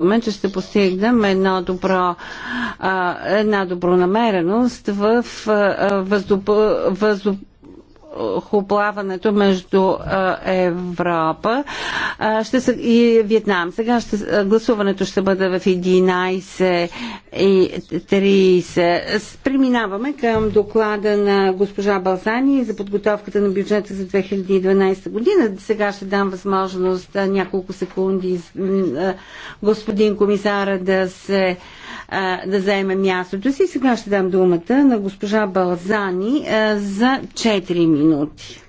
мен, че ще постигнем едно добро, една добронамереност в въздух, въздух хоплаването между Европа ще са, и Вьетнам. Сега ще, гласуването ще бъде в 11 и 30. Преминаваме към доклада на госпожа Балзани за подготовката на бюджета за 2012 година. Сега ще дам възможност няколко секунди господин комисара да се а, да заеме мястото си. Сега ще дам думата на госпожа Балзани а, за 4 минути.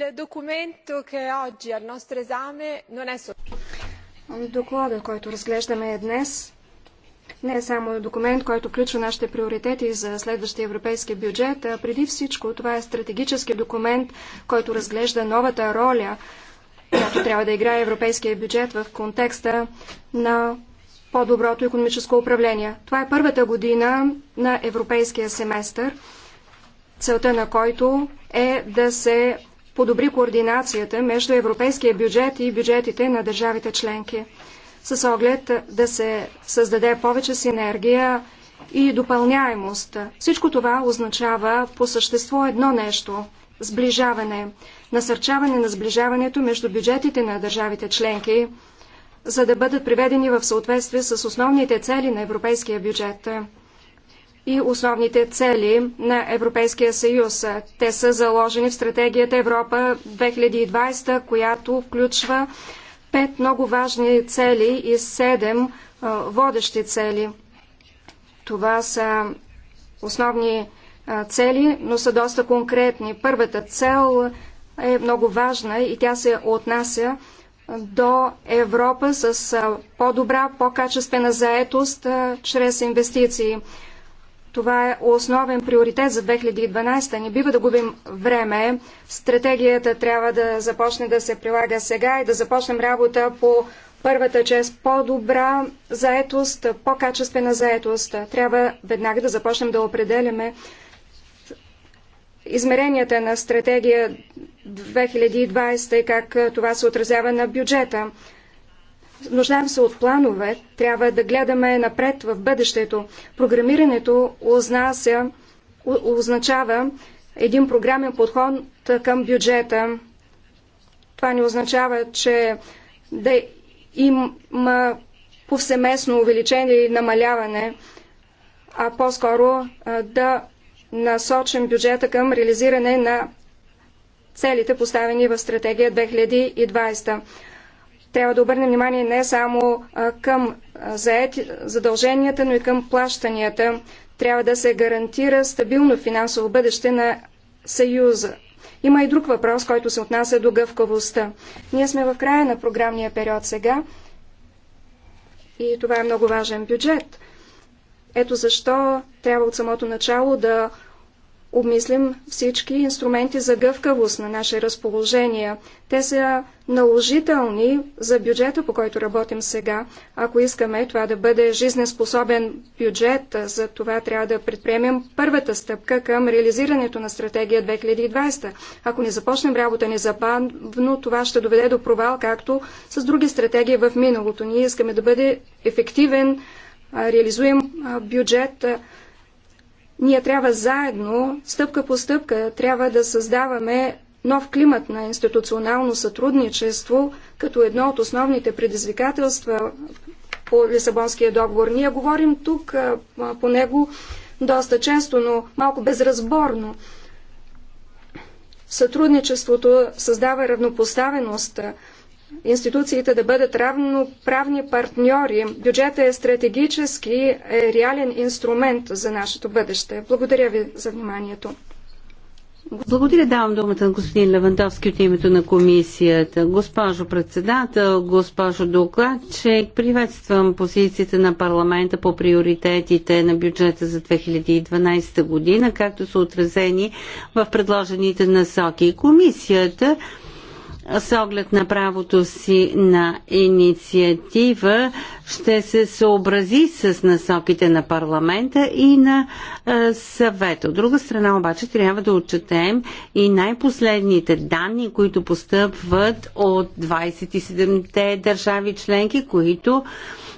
Il documento che oggi al nostro esame non è solo. Докладът, който разглеждаме е днес, не е само документ, който включва нашите приоритети за следващия европейски бюджет, а преди всичко това е стратегически документ, който разглежда новата роля, която трябва да играе европейския бюджет в контекста на по-доброто економическо управление. Това е първата година на европейския семестър, целта на който е да се подобри координацията между европейския бюджет и бюджетите на държавите членки с оглед да се създаде повече синергия и допълняемост. Всичко това означава по същество едно нещо – сближаване, насърчаване на сближаването между бюджетите на държавите членки, за да бъдат приведени в съответствие с основните цели на европейския бюджет и основните цели на Европейския съюз. Те са заложени в стратегията Европа 2020, която включва пет много важни цели и седем водещи цели. Това са основни цели, но са доста конкретни. Първата цел е много важна и тя се отнася до Европа с по-добра, по-качествена заетост чрез инвестиции. Това е основен приоритет за 2012. Не бива да губим време. Стратегията трябва да започне да се прилага сега и да започнем работа по първата чест по-добра заетост, по-качествена заетост. Трябва веднага да започнем да определяме измеренията на стратегия 2020 и как това се отразява на бюджета. Нуждаем се от планове, трябва да гледаме напред в бъдещето. Програмирането ознася, означава един програмен подход към бюджета. Това не означава, че да има повсеместно увеличение или намаляване, а по-скоро да насочим бюджета към реализиране на целите, поставени в стратегия 2020. Трябва да обърнем внимание не само към заети, задълженията, но и към плащанията. Трябва да се гарантира стабилно финансово бъдеще на Съюза. Има и друг въпрос, който се отнася до гъвкавостта. Ние сме в края на програмния период сега и това е много важен бюджет. Ето защо трябва от самото начало да обмислим всички инструменти за гъвкавост на наше разположение. Те са наложителни за бюджета, по който работим сега. Ако искаме това да бъде жизнеспособен бюджет, за това трябва да предприемем първата стъпка към реализирането на стратегия 2020. Ако не започнем работа незабавно, това ще доведе до провал, както с други стратегии в миналото. Ние искаме да бъде ефективен, реализуем бюджет, ние трябва заедно, стъпка по стъпка, трябва да създаваме нов климат на институционално сътрудничество като едно от основните предизвикателства по Лисабонския договор. Ние говорим тук по него доста често, но малко безразборно. Сътрудничеството създава равнопоставеността институциите да бъдат равноправни партньори. Бюджетът е стратегически, е реален инструмент за нашето бъдеще. Благодаря ви за вниманието. Благодаря, давам думата на господин Левандовски от името на комисията. Госпожо председател, госпожо докладчик, приветствам позицията на парламента по приоритетите на бюджета за 2012 година, както са отразени в предложените насоки. Комисията с оглед на правото си на инициатива ще се съобрази с насоките на парламента и на е, съвета. От друга страна обаче трябва да отчетем и най-последните данни, които постъпват от 27-те държави членки, които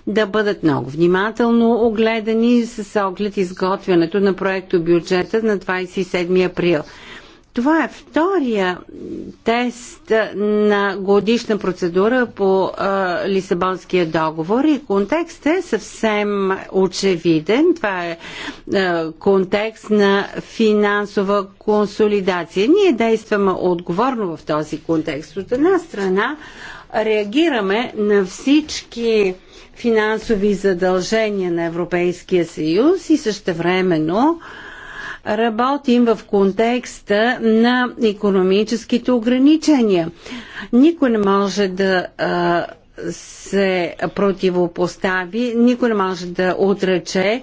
да бъдат много внимателно огледани с оглед изготвянето на проекто бюджета на 27 април. Това е втория тест на годишна процедура по а, Лисабонския договор и контекст е съвсем очевиден. Това е а, контекст на финансова консолидация. Ние действаме отговорно в този контекст. От една страна реагираме на всички финансови задължения на Европейския съюз и същевременно времено работим в контекста на економическите ограничения. Никой не може да а, се противопостави, никой не може да отрече,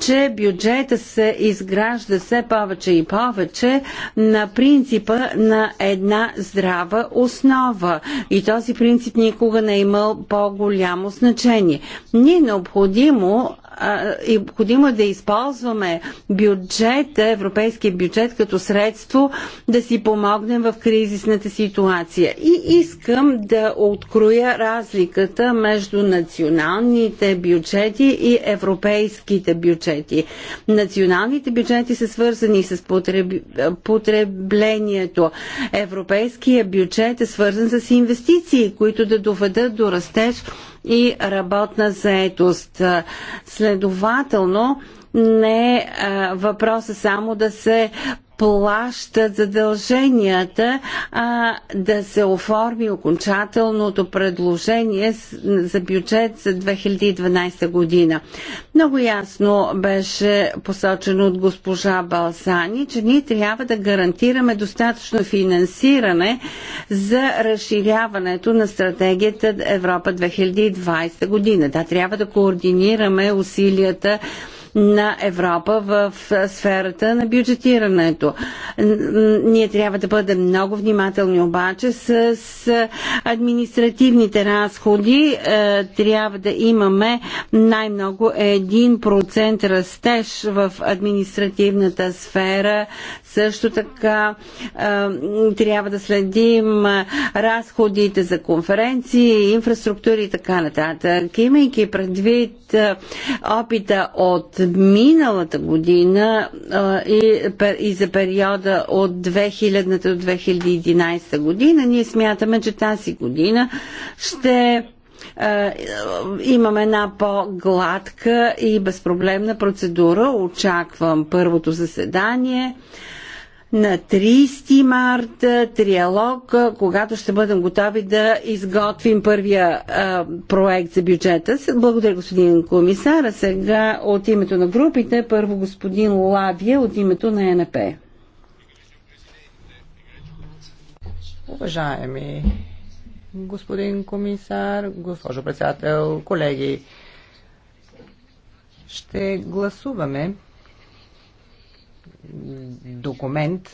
че бюджета се изгражда все повече и повече на принципа на една здрава основа. И този принцип никога не е имал по-голямо значение. Ние е необходимо е необходимо да използваме бюджета, европейския бюджет като средство да си помогнем в кризисната ситуация. И искам да откроя разликата между националните бюджети и европейските бюджети. Националните бюджети са свързани с потреб... потреблението. Европейския бюджет е свързан с инвестиции, които да доведат до растеж и работна заетост. Следователно, не е въпроса само да се плащат задълженията, а да се оформи окончателното предложение за бюджет за 2012 година. Много ясно беше посочено от госпожа Балсани, че ние трябва да гарантираме достатъчно финансиране за разширяването на стратегията Европа 2020 година. Да, трябва да координираме усилията на Европа в сферата на бюджетирането. Ние трябва да бъдем много внимателни обаче с административните разходи. Е, трябва да имаме най-много 1% растеж в административната сфера. Също така е, трябва да следим разходите за конференции, инфраструктури и така нататък. Имайки предвид е, опита от миналата година и, и за периода от 2000 до 2011 година, ние смятаме, че тази година ще имаме една по-гладка и безпроблемна процедура. Очаквам първото заседание на 30 март триалог, когато ще бъдем готови да изготвим първия а, проект за бюджета. Благодаря, господин комисар. сега от името на групите, първо господин Лавия от името на НП. Уважаеми господин комисар, госпожо председател, колеги, ще гласуваме документ,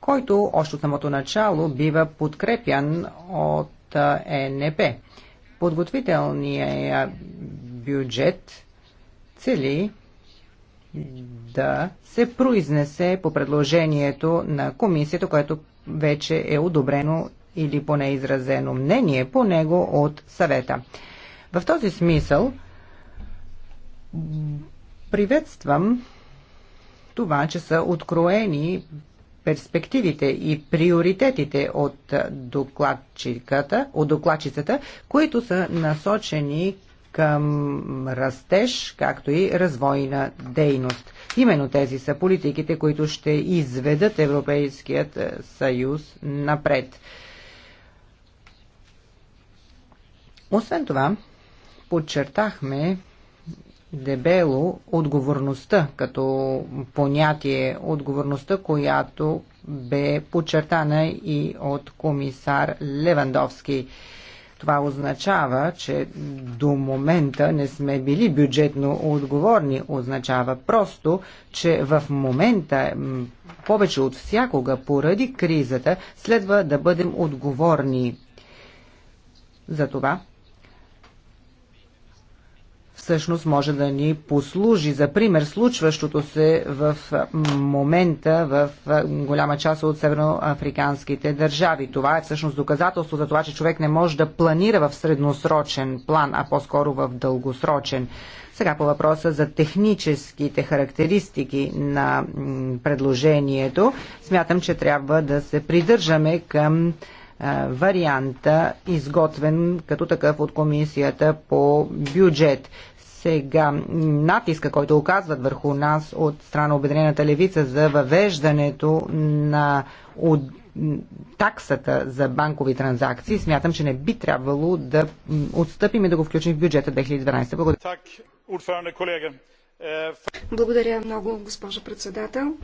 който още от самото начало бива подкрепян от ЕНП. Подготвителният бюджет цели да се произнесе по предложението на комисията, което вече е одобрено или поне изразено мнение по него от съвета. В този смисъл Приветствам това, че са откроени перспективите и приоритетите от докладчиката, от докладчицата, които са насочени към растеж, както и развойна дейност. Именно тези са политиките, които ще изведат Европейският съюз напред. Освен това, подчертахме дебело отговорността като понятие, отговорността, която бе подчертана и от комисар Левандовски. Това означава, че до момента не сме били бюджетно отговорни. Означава просто, че в момента повече от всякога поради кризата следва да бъдем отговорни. За това всъщност може да ни послужи за пример случващото се в момента в голяма част от северноафриканските държави. Това е всъщност доказателство за това, че човек не може да планира в средносрочен план, а по-скоро в дългосрочен. Сега по въпроса за техническите характеристики на предложението, смятам, че трябва да се придържаме към варианта, изготвен като такъв от комисията по бюджет. Сега натиска, който оказват върху нас от страна Обединената левица за въвеждането на от таксата за банкови транзакции, смятам, че не би трябвало да отстъпим и да го включим в бюджета 2012. Благодаря. Е, благодаря много, госпожо председател.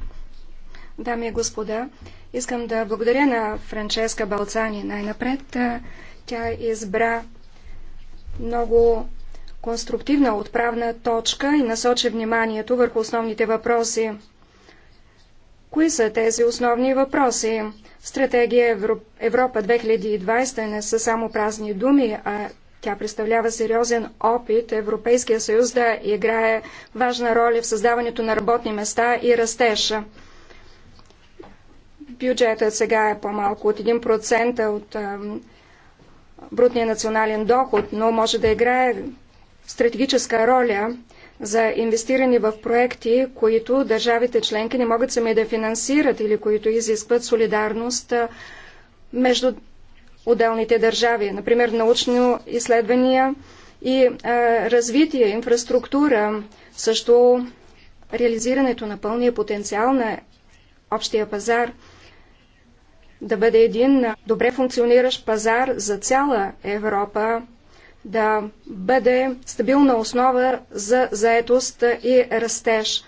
Дами и господа, искам да благодаря на Франческа Балцани най-напред. Е, тя избра много конструктивна отправна точка и насочи вниманието върху основните въпроси. Кои са тези основни въпроси? Стратегия Европа 2020 не са само празни думи, а тя представлява сериозен опит Европейския съюз да играе важна роля в създаването на работни места и растежа. Бюджетът сега е по-малко от 1% от брутния национален доход, но може да играе стратегическа роля за инвестиране в проекти, които държавите членки не могат сами да финансират или които изискват солидарност между отделните държави. Например, научни изследвания и развитие, инфраструктура, също реализирането на пълния потенциал на общия пазар да бъде един добре функциониращ пазар за цяла Европа, да бъде стабилна основа за заетост и растеж.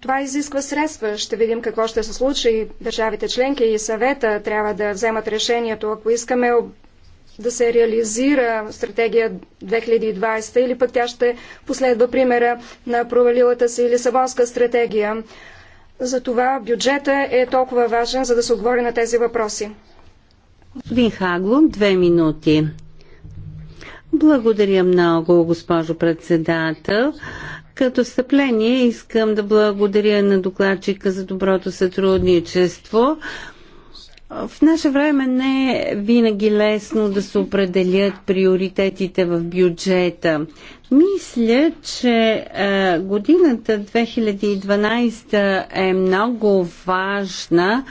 Това изисква средства. Ще видим какво ще се случи. Държавите членки и съвета трябва да вземат решението, ако искаме да се реализира стратегия 2020 или пък тя ще последва примера на провалилата си Лисабонска стратегия. Затова бюджета е толкова важен, за да се отговори на тези въпроси. Господин Хаглун, две минути. Благодаря много, госпожо председател. Като стъпление искам да благодаря на докладчика за доброто сътрудничество. В наше време не е винаги лесно да се определят приоритетите в бюджета. Мисля, че е, годината 2012 е много важна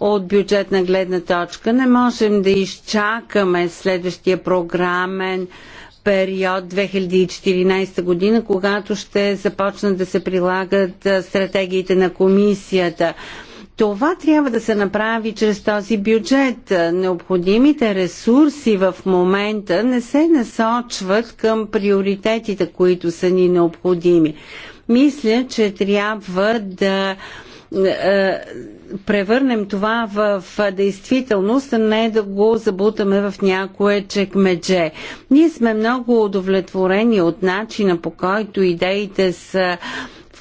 от бюджетна гледна точка. Не можем да изчакаме следващия програмен период 2014 година, когато ще започнат да се прилагат е, стратегиите на комисията. Това трябва да се направи чрез този бюджет. Необходимите ресурси в момента не се насочват към приоритетите, които са ни необходими. Мисля, че трябва да е, превърнем това в действителност, а не да го забутаме в някое чекмедже. Ние сме много удовлетворени от начина по който идеите са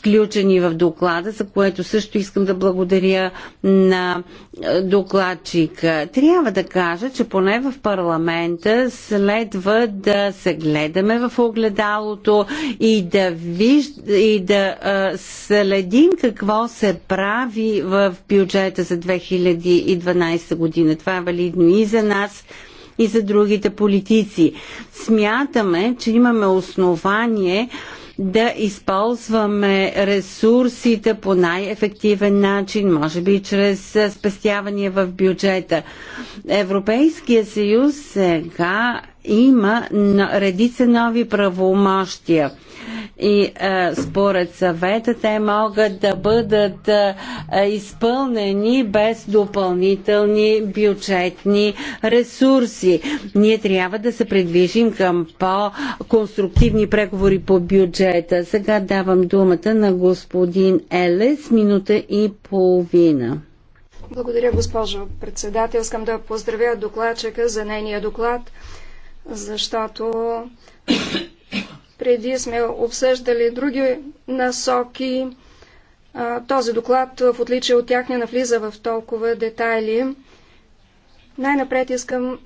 включени в доклада, за което също искам да благодаря на е, докладчика. Трябва да кажа, че поне в парламента следва да се гледаме в огледалото и да, виж... и да а, е, следим какво се прави в бюджета за 2012 година. Това е валидно и за нас, и за другите политици. Смятаме, че имаме основание да използваме ресурсите по най-ефективен начин, може би чрез спестявания в бюджета. Европейския съюз сега има редица нови правомощия. И е, според съвета те могат да бъдат е, изпълнени без допълнителни бюджетни ресурси. Ние трябва да се предвижим към по-конструктивни преговори по бюджета. Сега давам думата на господин Елес, минута и половина. Благодаря, госпожо председател. Искам да поздравя докладчика за нейния доклад защото преди сме обсъждали други насоки. Този доклад, в отличие от тях, не навлиза в толкова детайли. Най-напред искам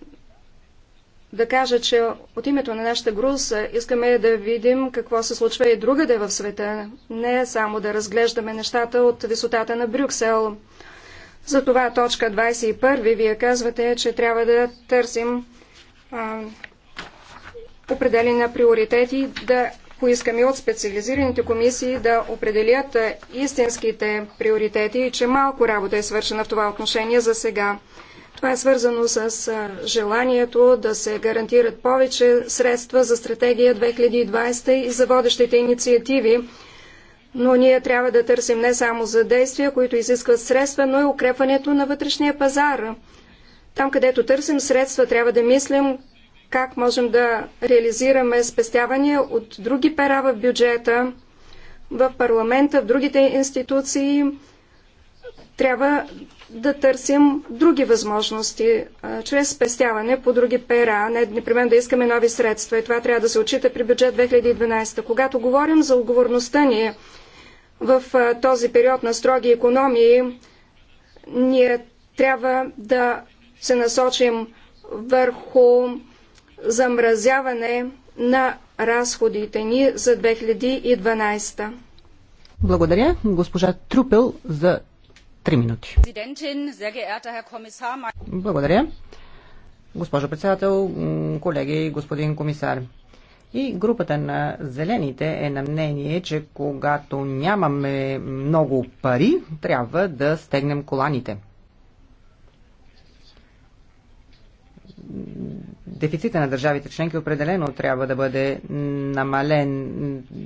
да кажа, че от името на нашата груза искаме да видим какво се случва и другаде в света, не само да разглеждаме нещата от висотата на Брюксел. Затова точка 21 вие казвате, че трябва да търсим определени на приоритети, да поискаме от специализираните комисии да определят истинските приоритети и че малко работа е свършена в това отношение за сега. Това е свързано с желанието да се гарантират повече средства за стратегия 2020 и за водещите инициативи, но ние трябва да търсим не само за действия, които изискват средства, но и укрепването на вътрешния пазар. Там, където търсим средства, трябва да мислим как можем да реализираме спестявания от други пера в бюджета, в парламента, в другите институции. Трябва да търсим други възможности, чрез спестяване по други пера, не непременно да искаме нови средства. И това трябва да се отчита при бюджет 2012. Когато говорим за отговорността ни в този период на строги економии, ние трябва да се насочим върху замразяване на разходите ни за 2012. Благодаря, госпожа Трупел, за 3 минути. Благодаря. Госпожо председател, колеги, господин комисар. И групата на зелените е на мнение, че когато нямаме много пари, трябва да стегнем коланите. дефицита на държавите членки определено трябва да бъде намален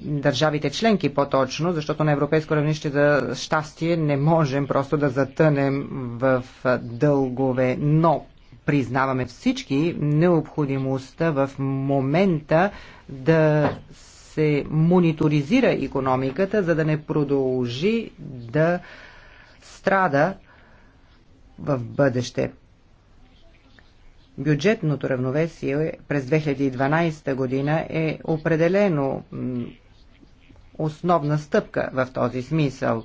държавите членки по-точно, защото на европейско равнище за щастие не можем просто да затънем в дългове, но признаваме всички необходимостта в момента да се мониторизира економиката, за да не продължи да страда в бъдеще бюджетното равновесие през 2012 година е определено основна стъпка в този смисъл.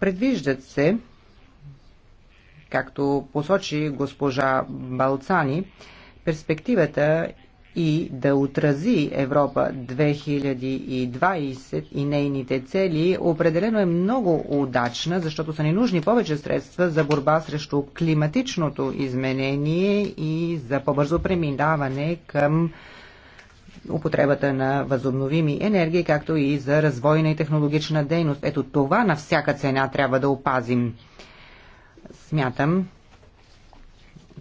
Предвиждат се, както посочи госпожа Балцани, перспективата и да отрази Европа 2020 и нейните цели, определено е много удачна, защото са ни нужни повече средства за борба срещу климатичното изменение и за по-бързо преминаване към употребата на възобновими енергии, както и за развойна и технологична дейност. Ето това на всяка цена трябва да опазим. Смятам,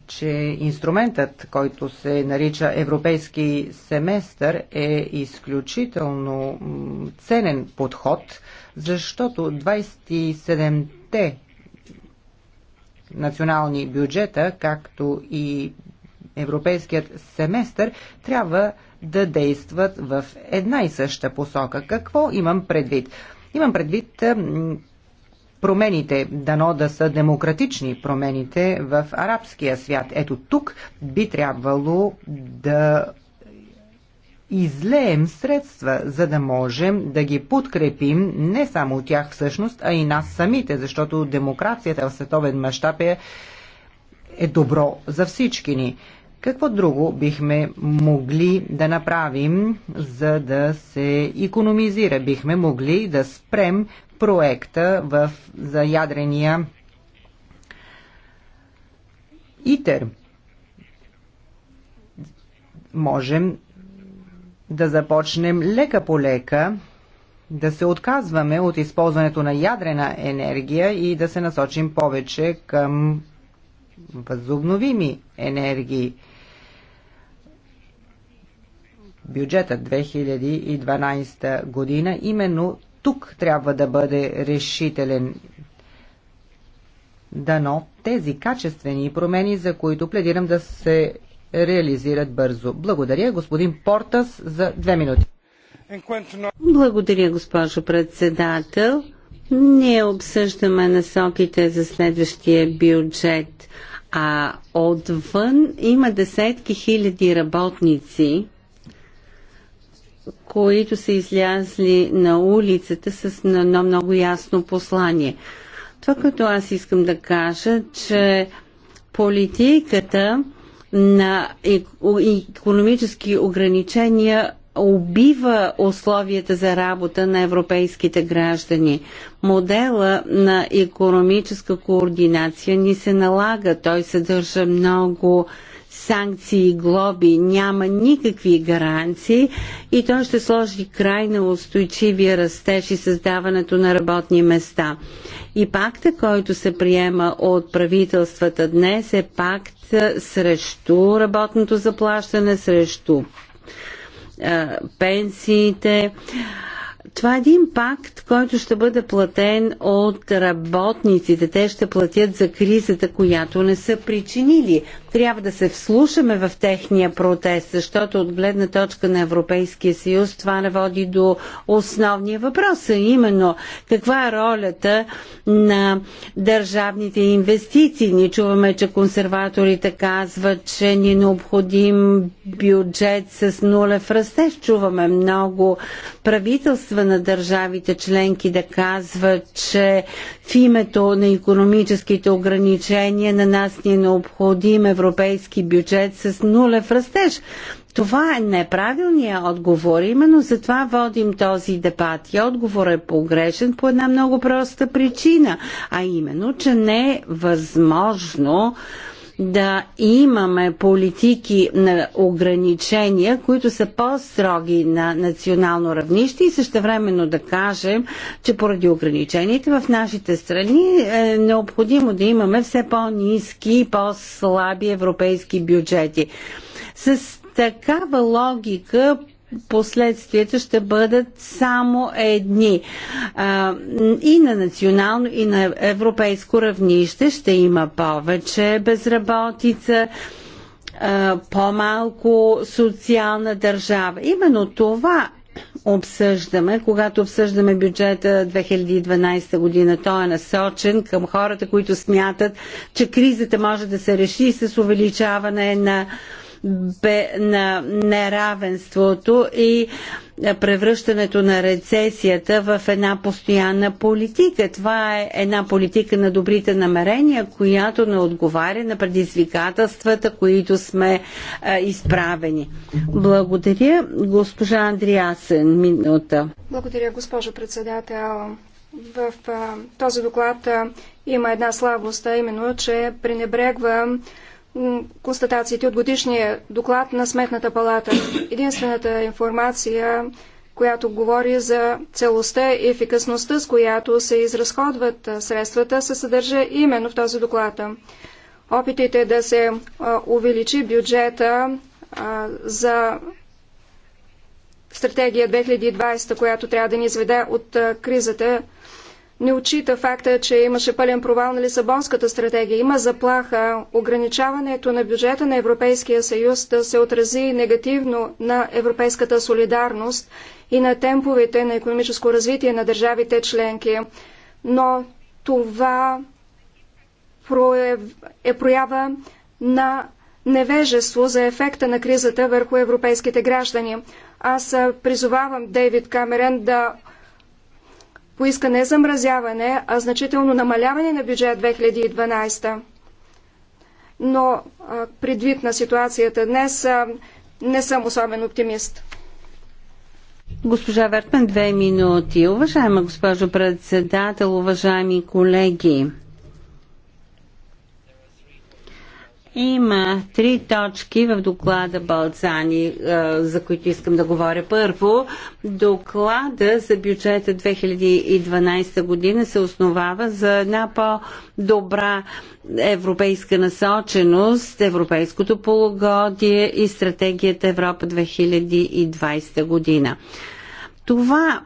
че инструментът, който се нарича Европейски семестър, е изключително ценен подход, защото 27-те национални бюджета, както и Европейският семестър, трябва да действат в една и съща посока. Какво имам предвид? Имам предвид промените, дано да са демократични промените в арабския свят. Ето тук би трябвало да излеем средства, за да можем да ги подкрепим не само тях всъщност, а и нас самите, защото демокрацията в световен мащаб е, е добро за всички ни. Какво друго бихме могли да направим, за да се економизира? Бихме могли да спрем проекта в, за ядрения ИТЕР. Можем да започнем лека по лека да се отказваме от използването на ядрена енергия и да се насочим повече към възобновими енергии бюджета 2012 година, именно тук трябва да бъде решителен. Дано тези качествени промени, за които пледирам да се реализират бързо. Благодаря, господин Портас, за две минути. Благодаря, госпожо председател. Ние обсъждаме насоките за следващия бюджет, а отвън има десетки хиляди работници, които са излязли на улицата с едно много ясно послание. Това, което аз искам да кажа, че политиката на економически ограничения убива условията за работа на европейските граждани. Модела на економическа координация ни се налага. Той съдържа много санкции и глоби, няма никакви гаранции и той ще сложи край на устойчивия растеж и създаването на работни места. И пакта, който се приема от правителствата днес е пакт срещу работното заплащане, срещу пенсиите. Това е един пакт, който ще бъде платен от работниците. Те ще платят за кризата, която не са причинили. Трябва да се вслушаме в техния протест, защото от гледна точка на Европейския съюз това не води до основния въпрос, а именно каква е ролята на държавните инвестиции. Ние чуваме, че консерваторите казват, че ни е необходим бюджет с нулев растеж. Чуваме много правителства на държавите членки да казва, че в името на економическите ограничения на нас ни е необходим европейски бюджет с нулев растеж. Това е неправилният отговор. Именно за това водим този дебат. И отговор е погрешен по една много проста причина, а именно, че не е възможно да имаме политики на ограничения, които са по-строги на национално равнище и същевременно да кажем, че поради ограниченията в нашите страни е необходимо да имаме все по-низки и по-слаби европейски бюджети. С такава логика последствията ще бъдат само едни. А, и на национално, и на европейско равнище ще има повече безработица по-малко социална държава. Именно това обсъждаме, когато обсъждаме бюджета 2012 година. Той е насочен към хората, които смятат, че кризата може да се реши с увеличаване на на неравенството и превръщането на рецесията в една постоянна политика. Това е една политика на добрите намерения, която не отговаря на предизвикателствата, които сме а, е, изправени. Благодаря. Госпожа Андриасен, минута. Благодаря, госпожо председател. В а, е, този доклад а, е, има една слабост, а именно, че пренебрегвам констатациите от годишния доклад на Сметната палата. Единствената информация, която говори за целостта и ефикасността, с която се изразходват средствата, се съдържа именно в този доклад. Опитите да се увеличи бюджета за стратегия 2020, която трябва да ни изведе от кризата, не отчита факта, че имаше пълен провал на Лисабонската стратегия. Има заплаха ограничаването на бюджета на Европейския съюз да се отрази негативно на европейската солидарност и на темповете на економическо развитие на държавите членки. Но това е проява на невежество за ефекта на кризата върху европейските граждани. Аз призовавам Дейвид Камерен да поиска не замразяване, а значително намаляване на бюджет 2012. Но предвид на ситуацията днес, не съм особен оптимист. Госпожа Вертман, две минути. Уважаема госпожо председател, уважаеми колеги, Има три точки в доклада Балцани, е, за които искам да говоря. Първо, доклада за бюджета 2012 година се основава за една по-добра европейска насоченост, европейското полугодие и стратегията Европа 2020 година. Това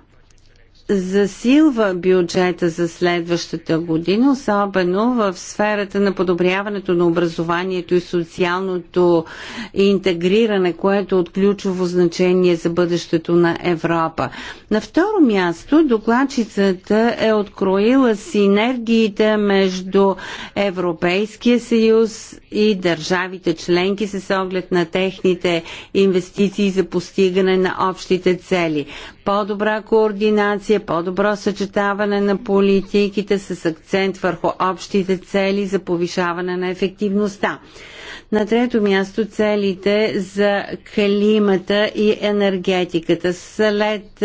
засилва бюджета за следващата година, особено в сферата на подобряването на образованието и социалното интегриране, което е от ключово значение за бъдещето на Европа. На второ място докладчицата е откроила синергиите между Европейския съюз и държавите членки с оглед на техните инвестиции за постигане на общите цели по-добра координация, по-добро съчетаване на политиките с акцент върху общите цели за повишаване на ефективността. На трето място целите за климата и енергетиката. След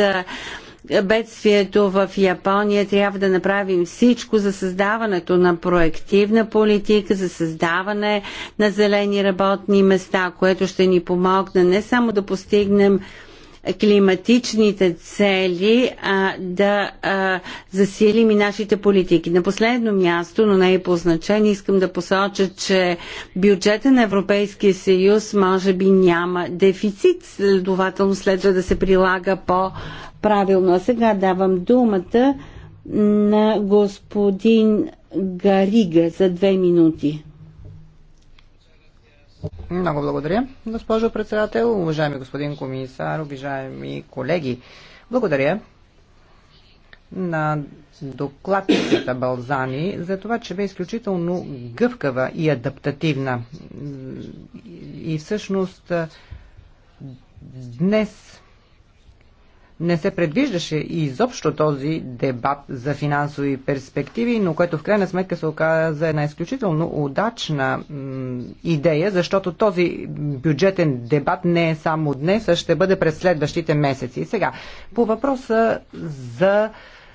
бедствието в Япония трябва да направим всичко за създаването на проективна политика, за създаване на зелени работни места, което ще ни помогне не само да постигнем климатичните цели, а, да а, засилим и нашите политики. На последно място, но не и по значение, искам да посоча, че бюджета на Европейския съюз може би няма дефицит, следователно следва да се прилага по-правилно. А сега давам думата на господин Гарига за две минути. Много благодаря, госпожо председател, уважаеми господин комисар, уважаеми колеги. Благодаря на докладчицата Балзани за това, че бе изключително гъвкава и адаптативна. И всъщност днес не се предвиждаше и изобщо този дебат за финансови перспективи, но което в крайна сметка се оказа за една изключително удачна идея, защото този бюджетен дебат не е само днес, а ще бъде през следващите месеци. И сега, по въпроса за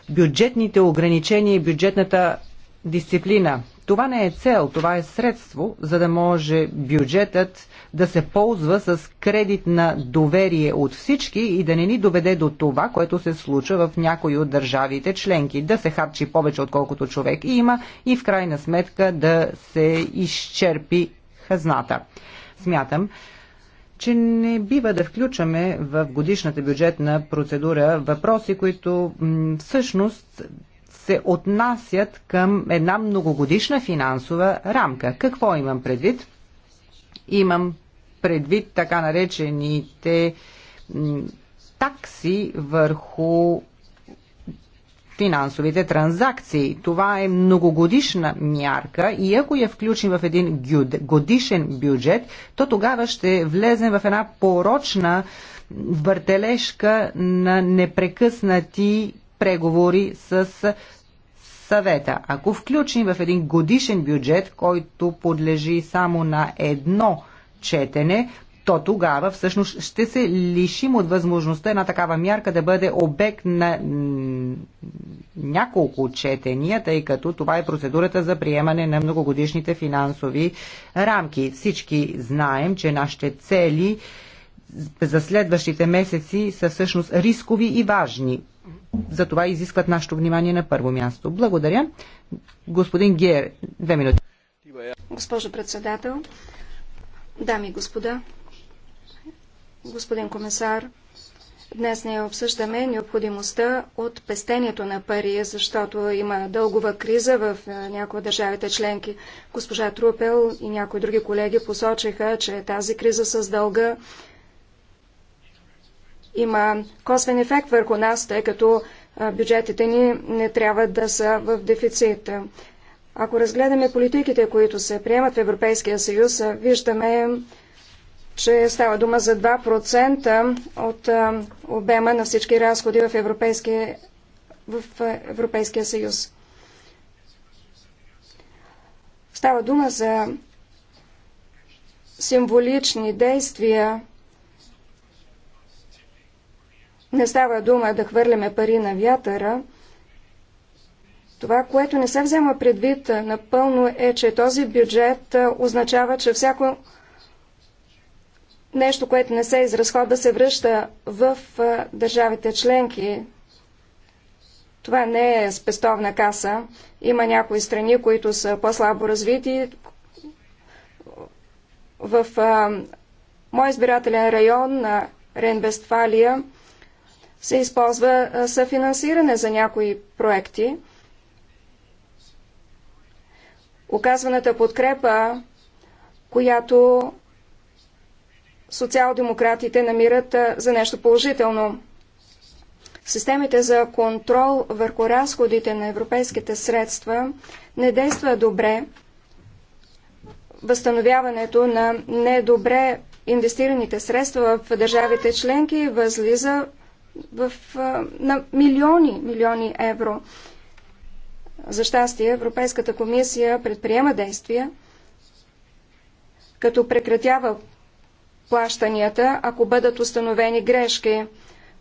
бюджетните ограничения и бюджетната дисциплина. Това не е цел, това е средство, за да може бюджетът да се ползва с кредит на доверие от всички и да не ни доведе до това, което се случва в някои от държавите членки. Да се харчи повече, отколкото човек има и в крайна сметка да се изчерпи хазната. Смятам, че не бива да включваме в годишната бюджетна процедура въпроси, които всъщност се отнасят към една многогодишна финансова рамка. Какво имам предвид? Имам предвид така наречените такси върху финансовите транзакции. Това е многогодишна мярка и ако я включим в един годишен бюджет, то тогава ще влезем в една порочна въртележка на непрекъснати преговори с съвета. Ако включим в един годишен бюджет, който подлежи само на едно четене, то тогава всъщност ще се лишим от възможността на такава мярка да бъде обект на няколко четения, тъй като това е процедурата за приемане на многогодишните финансови рамки. Всички знаем, че нашите цели за следващите месеци са всъщност рискови и важни за това изискват нашето внимание на първо място. Благодаря. Господин Гер, две минути. Госпожо председател, дами и господа, господин комисар, днес ние обсъждаме необходимостта от пестението на пари, защото има дългова криза в е, някои от държавите членки. Госпожа Трупел и някои други колеги посочиха, че тази криза с дълга има косвен ефект върху нас, тъй като бюджетите ни не трябва да са в дефицит. Ако разгледаме политиките, които се приемат в Европейския съюз, виждаме, че става дума за 2% от обема на всички разходи в Европейския, в Европейския съюз. Става дума за символични действия, не става дума да хвърляме пари на вятъра. Това, което не се взема предвид напълно е, че този бюджет означава, че всяко нещо, което не се изразходва, се връща в държавите членки. Това не е спестовна каса. Има някои страни, които са по-слабо развити. В а, мой избирателен район на Ренвестфалия се използва съфинансиране за някои проекти. Оказваната подкрепа, която социал-демократите намират за нещо положително. Системите за контрол върху разходите на европейските средства не действа добре. Възстановяването на недобре инвестираните средства в държавите членки възлиза в, на милиони, милиони евро. За щастие, Европейската комисия предприема действия, като прекратява плащанията, ако бъдат установени грешки.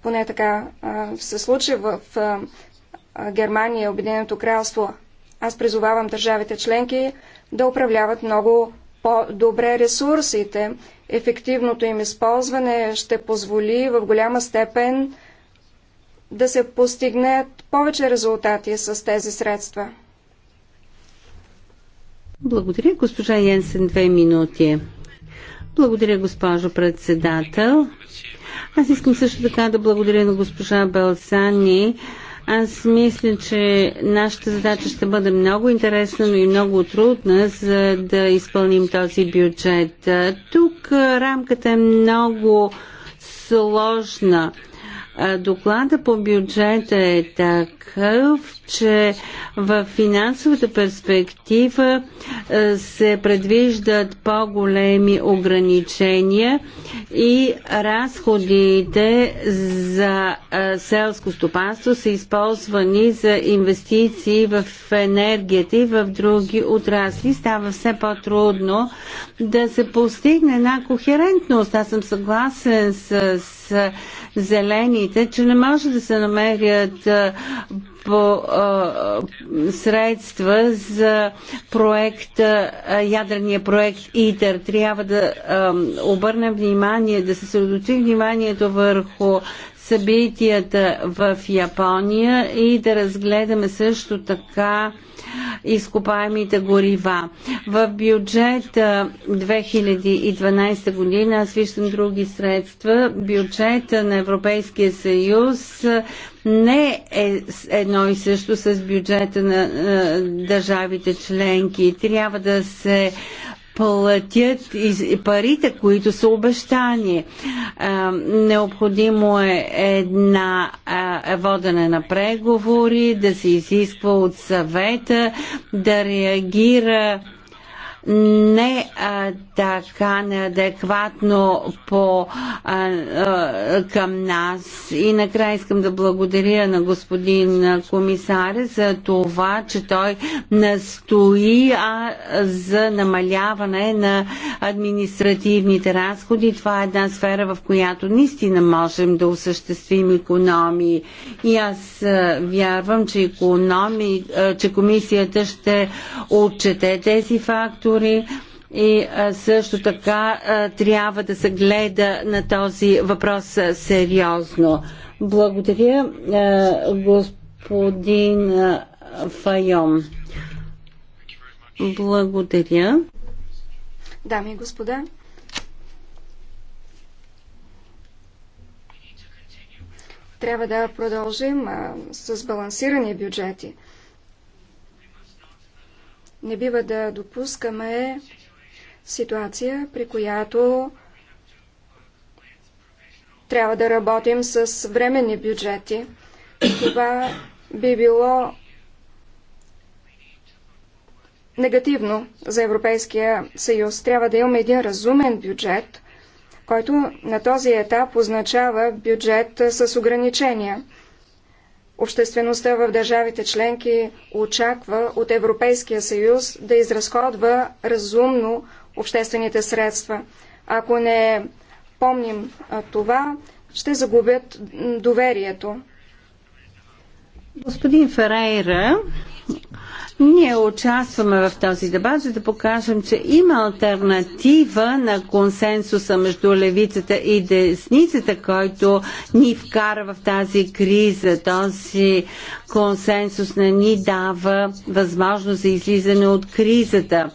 Поне така а, се случи в а, Германия Обединеното кралство. Аз призовавам държавите членки да управляват много по-добре ресурсите. Ефективното им използване ще позволи в голяма степен да се постигнат повече резултати с тези средства. Благодаря, госпожа Йенсен, две минути. Благодаря, госпожо председател. Аз искам също така да благодаря на госпожа Белсани. Аз мисля, че нашата задача ще бъде много интересна, но и много трудна, за да изпълним този бюджет. Тук рамката е много сложна. Доклада по бюджета е такъв, че в финансовата перспектива се предвиждат по-големи ограничения и разходите за селско стопанство са използвани за инвестиции в енергията и в други отрасли. Става все по-трудно да се постигне една кохерентност. Аз съм съгласен с зелените, че не може да се намерят по а, средства за проекта, а, ядрения проект ИТЕР. Трябва да а, обърнем внимание, да се съсредоточи вниманието върху събитията в Япония и да разгледаме също така изкопаемите горива. В бюджета 2012 година аз виждам други средства. Бюджета на Европейския съюз не е едно и също с бюджета на държавите членки. Трябва да се платят парите, които са обещани. Е, необходимо е една е, водене на преговори, да се изисква от съвета да реагира не а, така неадекватно по, а, а, към нас. И накрая искам да благодаря на господин комисар за това, че той настои а, за намаляване на административните разходи. Това е една сфера, в която наистина можем да осъществим економии. И аз вярвам, че, економи, че комисията ще отчете тези фактори структури. И също така трябва да се гледа на този въпрос сериозно. Благодаря, господин Файон. Благодаря. Дами и господа, трябва да продължим с балансирани бюджети. Не бива да допускаме ситуация, при която трябва да работим с временни бюджети. Това би било негативно за Европейския съюз. Трябва да имаме един разумен бюджет, който на този етап означава бюджет с ограничения. Обществеността в държавите членки очаква от Европейския съюз да изразходва разумно обществените средства. Ако не помним това, ще загубят доверието. Господин Ферейра, ние участваме в този дебат, за да покажем, че има альтернатива на консенсуса между левицата и десницата, който ни вкара в тази криза. Този консенсус не ни дава възможност за излизане от кризата.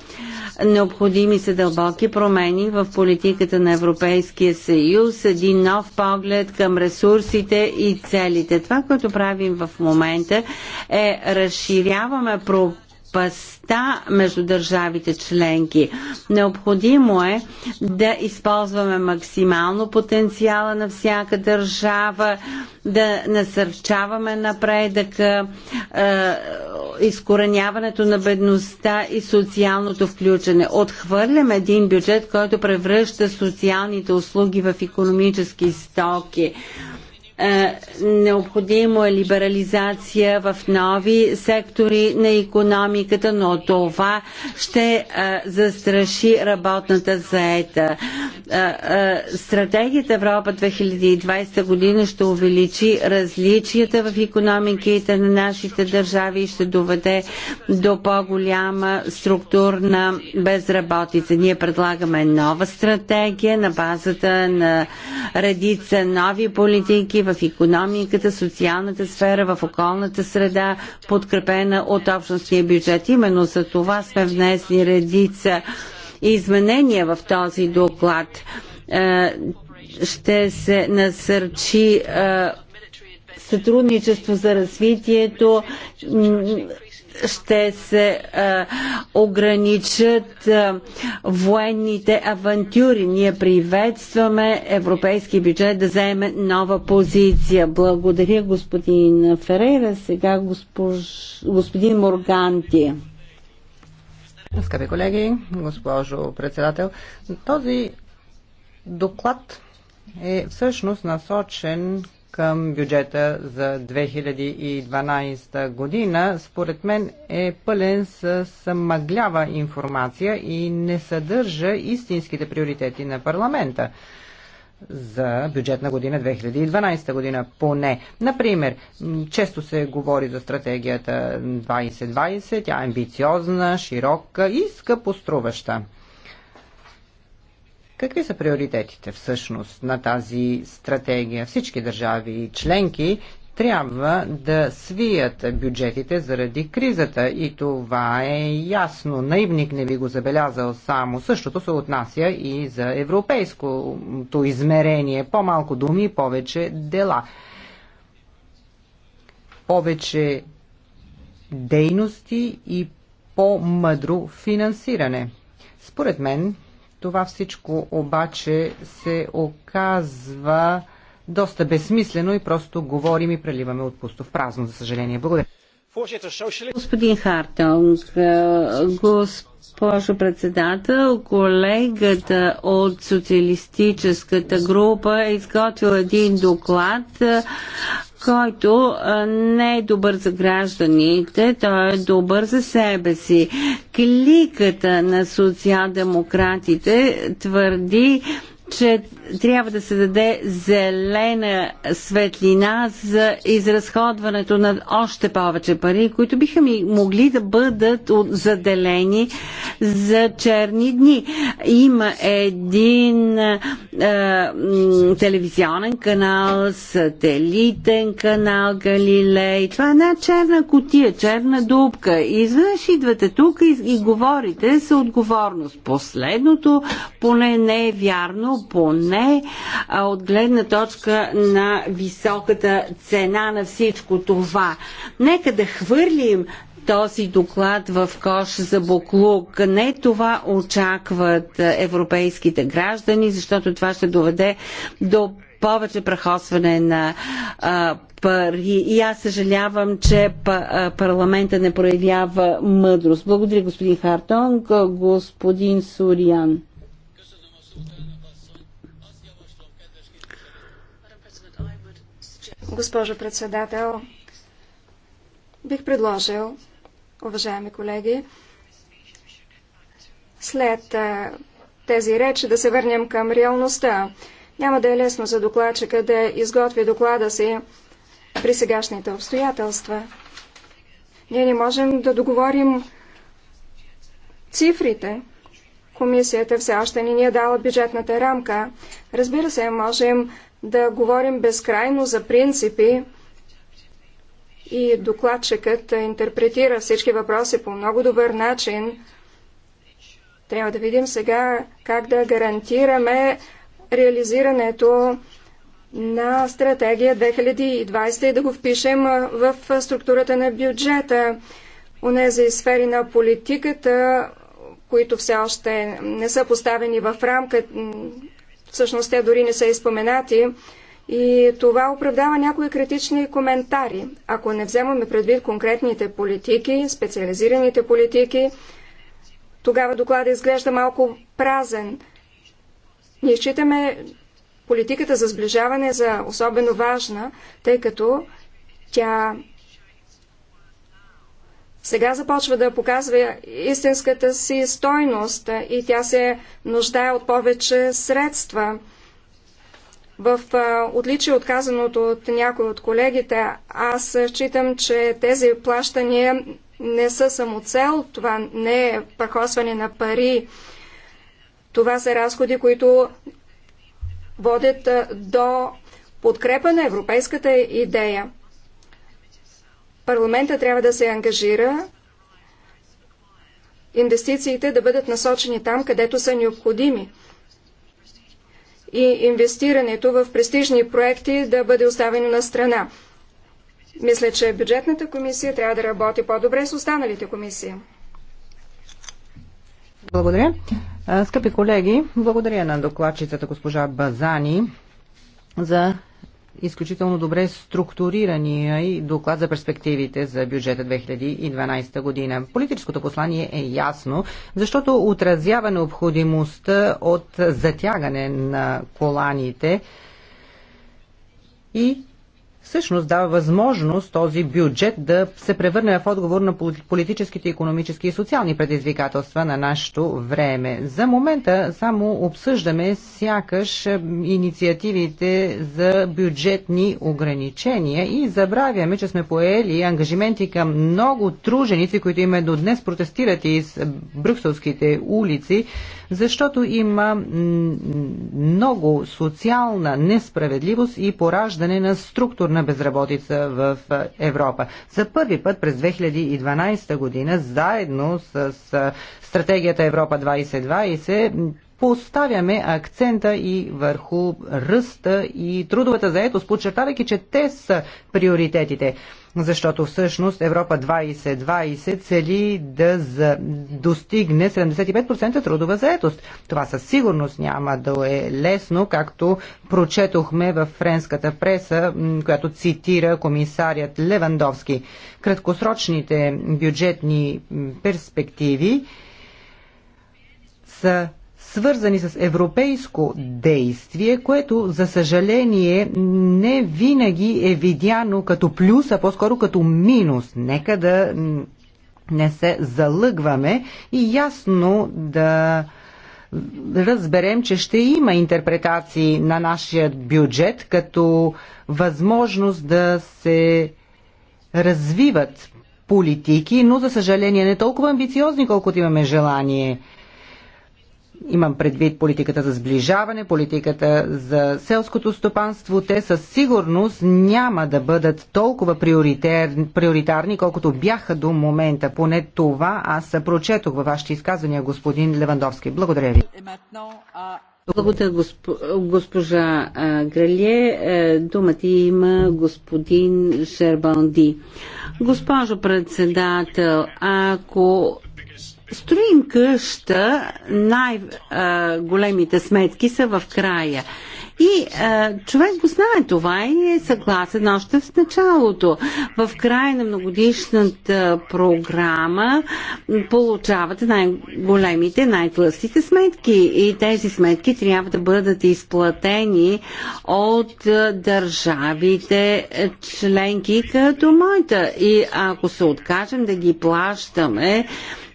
Необходими са дълбоки промени в политиката на Европейския съюз, един нов поглед към ресурсите и целите. Това, което правим в момента е разширяваме про безопасността между държавите членки. Необходимо е да използваме максимално потенциала на всяка държава, да насърчаваме напредъка, е, изкореняването на бедността и социалното включене. Отхвърлям един бюджет, който превръща социалните услуги в економически стоки. Е, необходимо е либерализация в нови сектори на економиката, но това ще е, застраши работната заета. Е, стратегията Европа 2020 година ще увеличи различията в економиките на нашите държави и ще доведе до по-голяма структурна безработица. Ние предлагаме нова стратегия на базата на редица нови политики в економиката, социалната сфера, в околната среда, подкрепена от общностния бюджет. Именно за това сме внесли редица изменения в този доклад. Е, ще се насърчи е, сътрудничество за развитието, ще се а, ограничат а, военните авантюри. Ние приветстваме европейски бюджет да заеме нова позиция. Благодаря господин Ферейра. Сега госпож... господин Морганти. Скъпи колеги, госпожо председател, този доклад е всъщност насочен към бюджета за 2012 година, според мен е пълен с мъглява информация и не съдържа истинските приоритети на парламента за бюджетна година 2012 година, поне. Например, често се говори за стратегията 2020, тя е амбициозна, широка и скъпоструваща. Какви са приоритетите всъщност на тази стратегия? Всички държави и членки трябва да свият бюджетите заради кризата и това е ясно. Наивник не би го забелязал само. Същото се отнася и за европейското измерение. По-малко думи, повече дела. Повече дейности и по-мъдро финансиране. Според мен това всичко обаче се оказва доста безсмислено и просто говорим и преливаме от пусто в празно, за съжаление. Благодаря. Господин Хартонг, госпожо председател, колегата от социалистическата група е изготвил един доклад който не е добър за гражданите, той е добър за себе си. Кликата на социал-демократите твърди, че трябва да се даде зелена светлина за изразходването на още повече пари, които биха ми могли да бъдат заделени за черни дни. Има един е, телевизионен канал, сателитен канал Галилей. Това е една черна котия, черна дупка. И изведнъж идвате тук и, и говорите с отговорност. Последното поне не е вярно поне поне от гледна точка на високата цена на всичко това. Нека да хвърлим този доклад в кош за буклук. Не това очакват европейските граждани, защото това ще доведе до повече прахосване на а, пари. И аз съжалявам, че парламента не проявява мъдрост. Благодаря, господин Хартонг, Господин Сурян. Госпожо председател, бих предложил, уважаеми колеги, след тези речи да се върнем към реалността. Няма да е лесно за докладчика да изготви доклада си при сегашните обстоятелства. Ние не можем да договорим цифрите. Комисията все още не ни е дала бюджетната рамка. Разбира се, можем да говорим безкрайно за принципи и докладчикът интерпретира всички въпроси по много добър начин. Трябва да видим сега как да гарантираме реализирането на стратегия 2020 и да го впишем в структурата на бюджета. Унези сфери на политиката, които все още не са поставени в рамка Всъщност те дори не са изпоменати. И това оправдава някои критични коментари. Ако не вземаме предвид конкретните политики, специализираните политики, тогава доклада изглежда малко празен. Ние считаме политиката за сближаване за особено важна, тъй като тя сега започва да показва истинската си стойност и тя се нуждае от повече средства. В отличие от казаното от някои от колегите, аз считам, че тези плащания не са самоцел, това не е прахосване на пари. Това са разходи, които водят до подкрепа на европейската идея. Парламента трябва да се ангажира инвестициите да бъдат насочени там, където са необходими и инвестирането в престижни проекти да бъде оставено на страна. Мисля, че бюджетната комисия трябва да работи по-добре с останалите комисии. Благодаря. Скъпи колеги, благодаря на докладчицата госпожа Базани за изключително добре структурирания доклад за перспективите за бюджета 2012 година. Политическото послание е ясно, защото отразява необходимостта от затягане на коланите и всъщност дава възможност този бюджет да се превърне в отговор на политическите, економически и социални предизвикателства на нашето време. За момента само обсъждаме сякаш е, инициативите за бюджетни ограничения и забравяме, че сме поели ангажименти към много труженици, които до днес протестират из брюкселските улици, защото има много социална несправедливост и пораждане на структурна безработица в Европа. За първи път през 2012 година, заедно с стратегията Европа 2020, поставяме акцента и върху ръста и трудовата заетост, подчертавайки, че те са приоритетите защото всъщност Европа 2020 цели да достигне 75% трудова заетост. Това със сигурност няма да е лесно, както прочетохме в френската преса, която цитира комисарят Левандовски. Краткосрочните бюджетни перспективи са свързани с европейско действие, което за съжаление не винаги е видяно като плюс, а по-скоро като минус. Нека да не се залъгваме и ясно да разберем, че ще има интерпретации на нашия бюджет като възможност да се развиват политики, но за съжаление не толкова амбициозни, колкото имаме желание. Имам предвид политиката за сближаване, политиката за селското стопанство. Те със сигурност няма да бъдат толкова приоритарни, колкото бяха до момента. Поне това аз прочетох във вашите изказвания, господин Левандовски. Благодаря ви. Благодаря, госп... госпожа Гралие. Е, думата има господин Шербанди. Госпожо председател, ако строим къща, най-големите сметки са в края. И а, човек го знае това и е съгласен още в началото. В края на многодишната програма получават най-големите, най-тлъстите сметки. И тези сметки трябва да бъдат изплатени от държавите е, членки като моята. И ако се откажем да ги плащаме,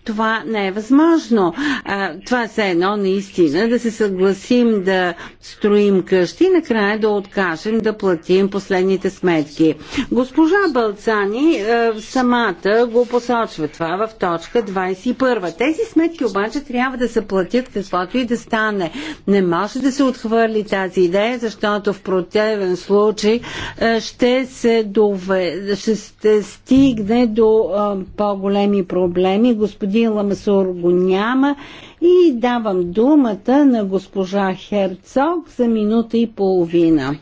това не е възможно. А, това е едно наистина да се съгласим да строим къщи и накрая да откажем да платим последните сметки. Госпожа Балцани а, самата го посочва това в точка 21. Тези сметки обаче трябва да се платят каквото и да стане. Не може да се отхвърли тази идея, защото в противен случай ще се доведе, ще стигне до по-големи проблеми. Господин Господин Ламасур го няма и давам думата на госпожа Херцог за минута и половина.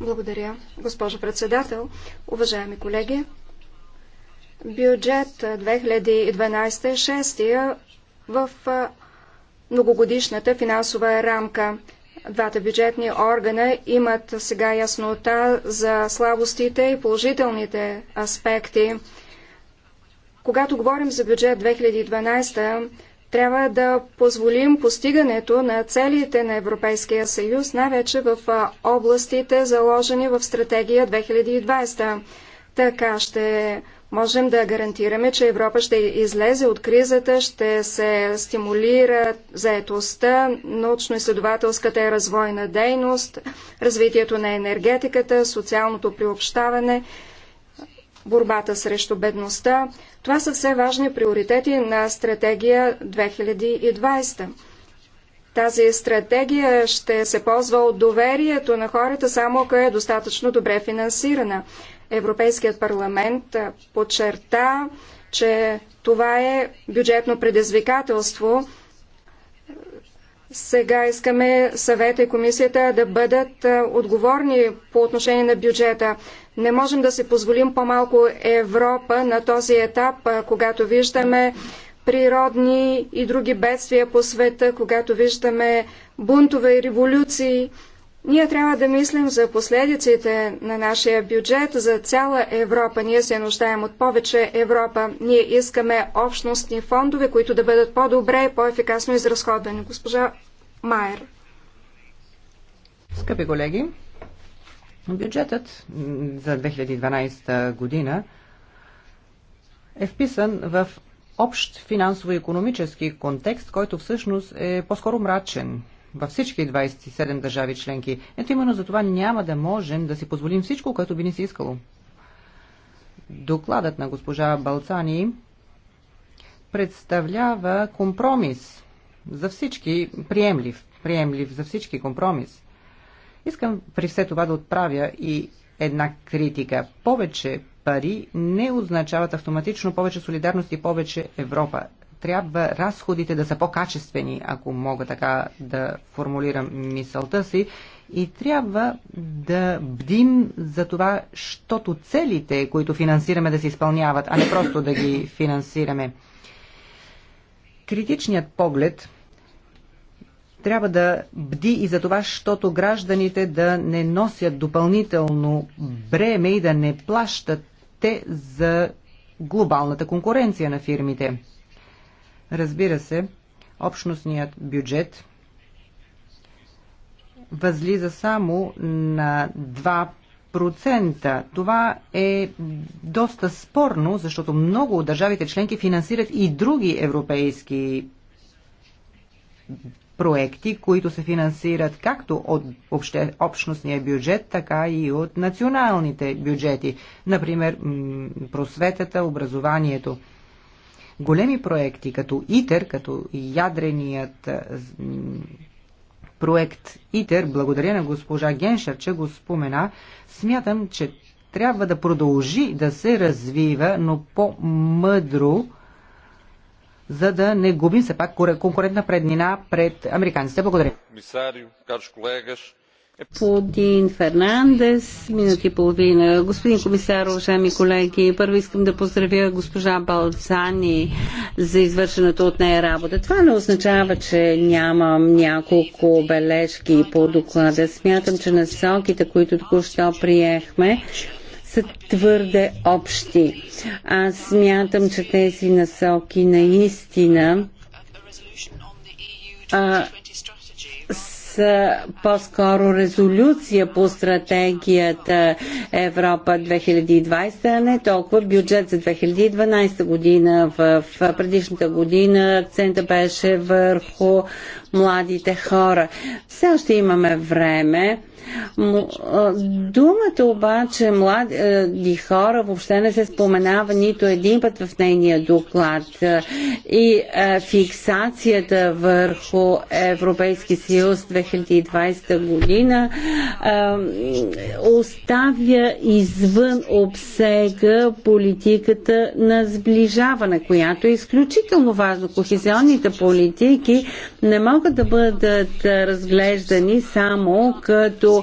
Благодаря, госпожо председател. Уважаеми колеги, бюджет 2012 е в многогодишната финансова рамка. Двата бюджетни органа имат сега яснота за слабостите и положителните аспекти. Когато говорим за бюджет 2012, трябва да позволим постигането на целите на Европейския съюз, най-вече в областите, заложени в стратегия 2020. Така ще можем да гарантираме, че Европа ще излезе от кризата, ще се стимулира заетостта, научно-изследователската и развойна дейност, развитието на енергетиката, социалното приобщаване, борбата срещу бедността. Това са все важни приоритети на стратегия 2020. Тази стратегия ще се ползва от доверието на хората само ако е достатъчно добре финансирана. Европейският парламент подчерта, че това е бюджетно предизвикателство – сега искаме съвета и комисията да бъдат отговорни по отношение на бюджета. Не можем да се позволим по-малко Европа на този етап, когато виждаме природни и други бедствия по света, когато виждаме бунтове и революции. Ние трябва да мислим за последиците на нашия бюджет за цяла Европа. Ние се нуждаем от повече Европа. Ние искаме общностни фондове, които да бъдат по-добре и по-ефикасно изразходвани. Госпожа Майер. Скъпи колеги, бюджетът за 2012 година е вписан в общ финансово-економически контекст, който всъщност е по-скоро мрачен във всички 27 държави членки. Ето именно за това няма да можем да си позволим всичко, което би ни се искало. Докладът на госпожа Балцани представлява компромис за всички, приемлив, приемлив за всички компромис. Искам при все това да отправя и една критика. Повече пари не означават автоматично повече солидарност и повече Европа трябва разходите да са по-качествени, ако мога така да формулирам мисълта си, и трябва да бдим за това, щото целите, които финансираме, да се изпълняват, а не просто да ги финансираме. Критичният поглед трябва да бди и за това, защото гражданите да не носят допълнително бреме и да не плащат те за глобалната конкуренция на фирмите. Разбира се, общностният бюджет възлиза само на 2%. Това е доста спорно, защото много от държавите членки финансират и други европейски проекти, които се финансират както от обще, общностния бюджет, така и от националните бюджети. Например, просветата, образованието големи проекти, като ИТЕР, като ядреният проект ИТЕР, благодаря на госпожа Геншер, че го спомена, смятам, че трябва да продължи да се развива, но по-мъдро, за да не губим все пак конкурентна преднина пред американците. Благодаря. Комисарио, карш колегаш, Господин Фернандес, минути и половина. Господин комисар, уважаеми колеги, първо искам да поздравя госпожа Балцани за извършената от нея работа. Това не означава, че нямам няколко бележки по доклада. Смятам, че насоките, които току-що приехме, са твърде общи. Аз смятам, че тези насоки наистина а, по-скоро резолюция по стратегията Европа 2020, а не толкова бюджет за 2012 година. В предишната година акцента беше върху младите хора. Все още имаме време Думата обаче млади хора въобще не се споменава нито един път в нейния доклад и фиксацията върху Европейски съюз 2020 година оставя извън обсега политиката на сближаване, която е изключително важна. Кохезионните политики не могат да бъдат разглеждани само като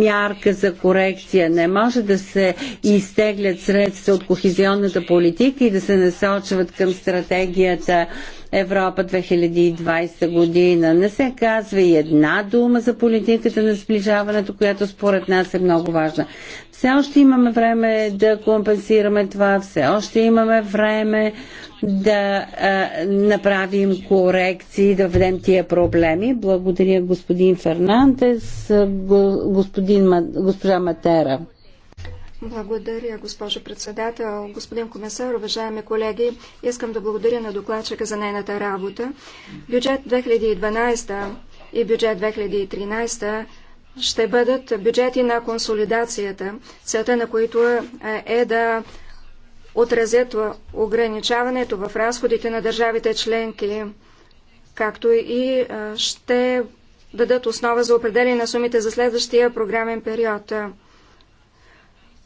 мярка за корекция. Не може да се изтеглят средства от кохезионната политика и да се насочват към стратегията Европа 2020 година. Не се казва и една дума за политиката на сближаването, която според нас е много важна. Все още имаме време да компенсираме това, все още имаме време да а, направим корекции, да ведем тия проблеми. Благодаря господин Фернандес, го, господин, госпожа Матера. Благодаря, госпожо председател, господин комисар, уважаеми колеги. Искам да благодаря на докладчика за нейната работа. Бюджет 2012 и бюджет 2013 ще бъдат бюджети на консолидацията, целта на които е да отразят ограничаването в разходите на държавите членки, както и ще дадат основа за определение на сумите за следващия програмен период.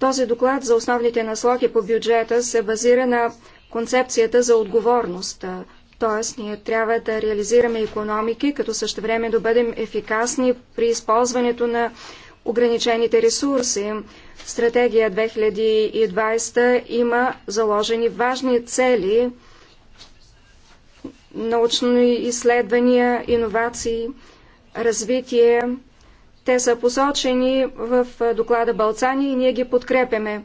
Този доклад за основните насоки по бюджета се базира на концепцията за отговорност. Т.е. ние трябва да реализираме економики, като време да бъдем ефикасни при използването на ограничените ресурси. Стратегия 2020 има заложени важни цели научни изследвания, иновации, развитие те са посочени в е, доклада Балцани и ние ги подкрепяме.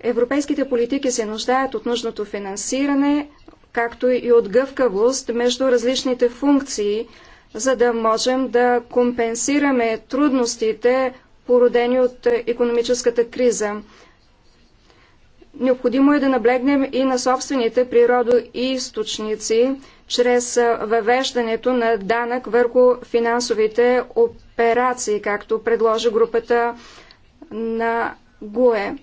Европейските политики се нуждаят от нужното финансиране, както и от гъвкавост между различните функции, за да можем да компенсираме трудностите, породени от економическата криза. Необходимо е да наблегнем и на собствените източници чрез въвеждането на данък върху финансовите операции операции, както предложи групата на ГУЕ.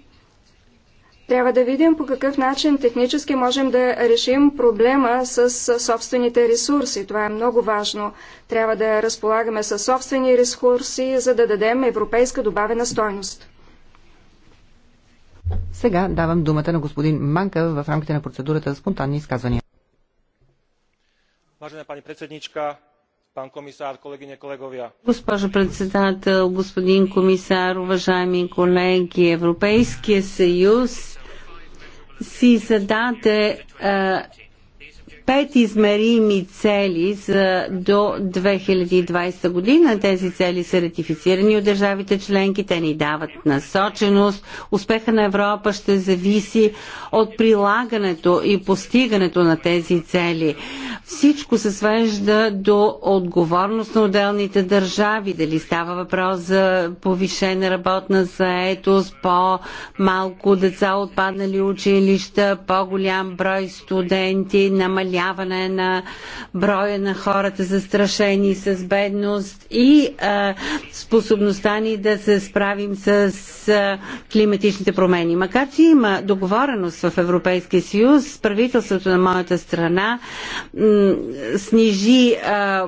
Трябва да видим по какъв начин технически можем да решим проблема с собствените ресурси. Това е много важно. Трябва да разполагаме с собствени ресурси, за да дадем европейска добавена стойност. Сега давам думата на господин Манка в рамките на процедурата за спонтанни изказвания. Важна е, пани председничка, пан комисар, колегиня, колеговия. Госпожо председател, господин комисар, уважаеми колеги, Европейския съюз си зададе пет измерими цели за до 2020 година. Тези цели са ратифицирани от държавите членки, те ни дават насоченост. Успеха на Европа ще зависи от прилагането и постигането на тези цели. Всичко се свежда до отговорност на отделните държави. Дали става въпрос за повишена работна заетост, по-малко деца отпаднали училища, по-голям брой студенти, намали намаляване на броя на хората застрашени с бедност и а, способността ни да се справим с а, климатичните промени. Макар, че има договореност в Европейския съюз, правителството на моята страна снижи а,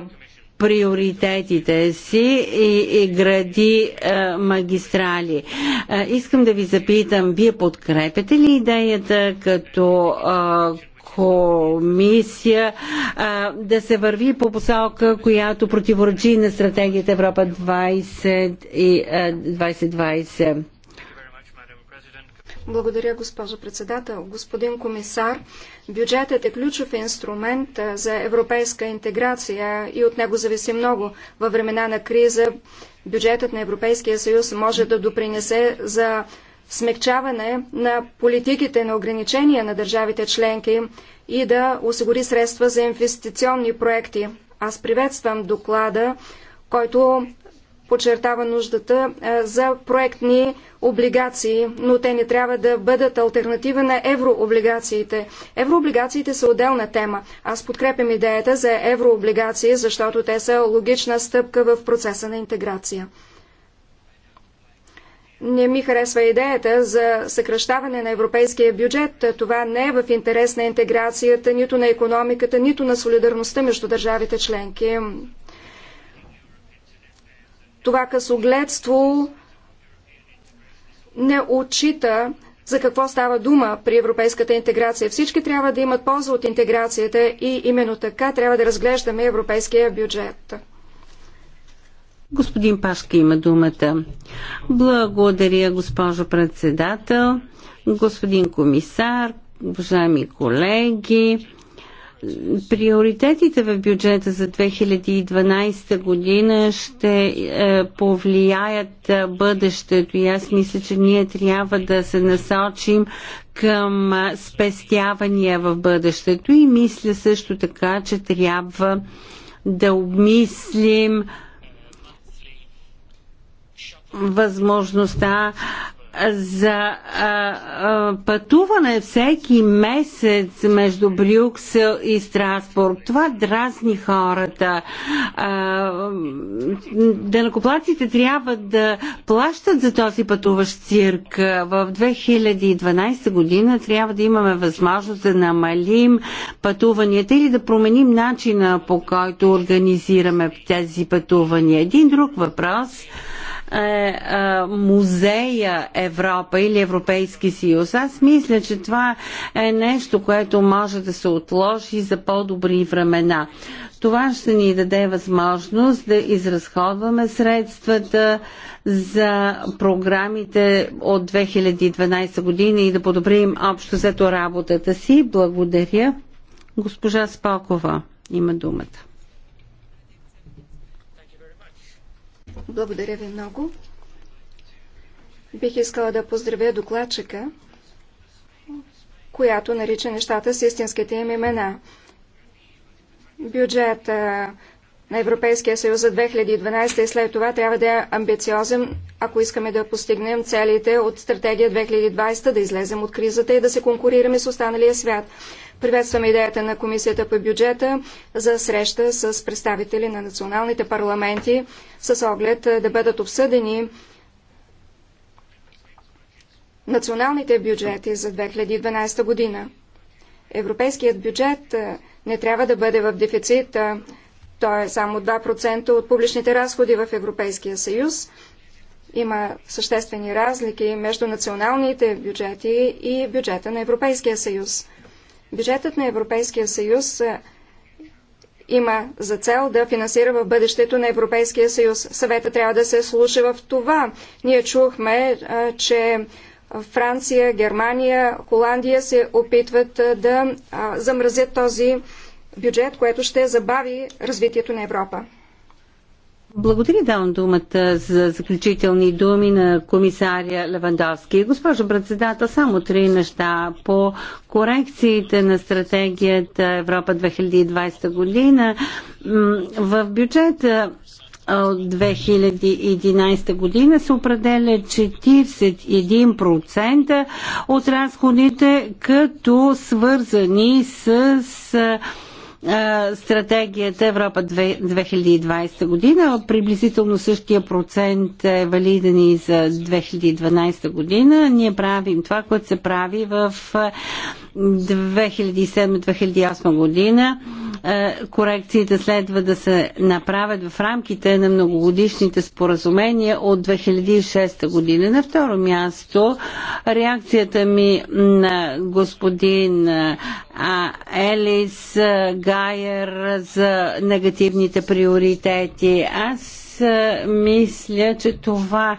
приоритетите си и, и гради а, магистрали. А, искам да ви запитам, вие подкрепяте ли идеята като а, комисия а, да се върви по посока, която противоречи на стратегията Европа 20 и, а, 2020. Благодаря, госпожо председател. Господин комисар, бюджетът е ключов инструмент за европейска интеграция и от него зависи много. Във времена на криза бюджетът на Европейския съюз може да допринесе за смягчаване на политиките на ограничения на държавите членки и да осигури средства за инвестиционни проекти. Аз приветствам доклада, който подчертава нуждата е, за проектни облигации, но те не трябва да бъдат альтернатива на еврооблигациите. Еврооблигациите са отделна тема. Аз подкрепям идеята за еврооблигации, защото те са логична стъпка в процеса на интеграция. Не ми харесва идеята за съкръщаване на европейския бюджет. Това не е в интерес на интеграцията, нито на економиката, нито на солидарността между държавите членки. Това късогледство не отчита за какво става дума при европейската интеграция. Всички трябва да имат полза от интеграцията и именно така трябва да разглеждаме европейския бюджет. Господин Пашка има думата. Благодаря, госпожо председател, господин комисар, уважаеми колеги. Приоритетите в бюджета за 2012 година ще е, повлияят е, бъдещето и аз мисля, че ние трябва да се насочим към е, спестявания в бъдещето и мисля също така, че трябва да обмислим възможността за а, а, пътуване всеки месец между Брюксел и Страсбург. Това дразни хората. Денокоплаците трябва да плащат за този пътуващ цирк. В 2012 година трябва да имаме възможност да намалим пътуванията или да променим начина по който организираме тези пътувания. Един друг въпрос – е, е музея Европа или Европейски съюз. Аз мисля, че това е нещо, което може да се отложи за по-добри времена. Това ще ни даде възможност да изразходваме средствата за програмите от 2012 година и да подобрим общо зато работата си. Благодаря. Госпожа Спокова, има думата. Благодаря ви много. Бих искала да поздравя докладчика, която нарича нещата с истинските им имена. Бюджет на Европейския съюз за 2012 и след това трябва да е амбициозен, ако искаме да постигнем целите от стратегия 2020, да излезем от кризата и да се конкурираме с останалия свят. Приветствам идеята на Комисията по бюджета за среща с представители на националните парламенти с оглед да бъдат обсъдени националните бюджети за 2012 година. Европейският бюджет не трябва да бъде в дефицит. Той е само 2% от публичните разходи в Европейския съюз. Има съществени разлики между националните бюджети и бюджета на Европейския съюз. Бюджетът на Европейския съюз има за цел да финансира в бъдещето на Европейския съюз. Съвета трябва да се слуша в това. Ние чухме, че Франция, Германия, Холандия се опитват да замразят този бюджет, което ще забави развитието на Европа. Благодаря, давам думата за заключителни думи на комисаря Левандовски. Госпожо председател, само три неща по корекциите на стратегията Европа 2020 година. В бюджета от 2011 година се определя 41% от разходите като свързани с стратегията Европа 2020 година. Приблизително същия процент е валиден и за 2012 година. Ние правим това, което се прави в 2007-2008 година. Е, корекциите следва да се направят в рамките на многогодишните споразумения от 2006 година. На второ място, реакцията ми на господин е, Елис е, Гайер за негативните приоритети. Аз мисля, че това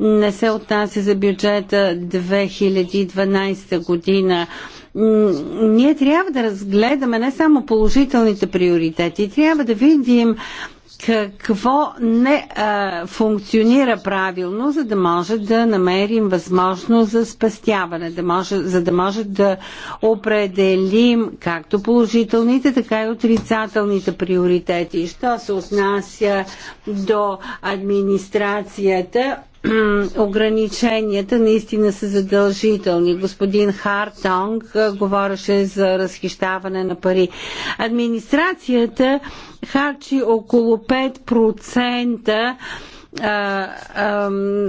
не се отнася за бюджета 2012 година. Ние трябва да разгледаме не само положителните приоритети, трябва да видим какво не а, функционира правилно, за да може да намерим възможност за спастяване, да може, за да може да определим както положителните, така и отрицателните приоритети. Що се отнася до администрацията, ограниченията наистина са задължителни. Господин Хартонг говореше за разхищаване на пари. Администрацията харчи около 5%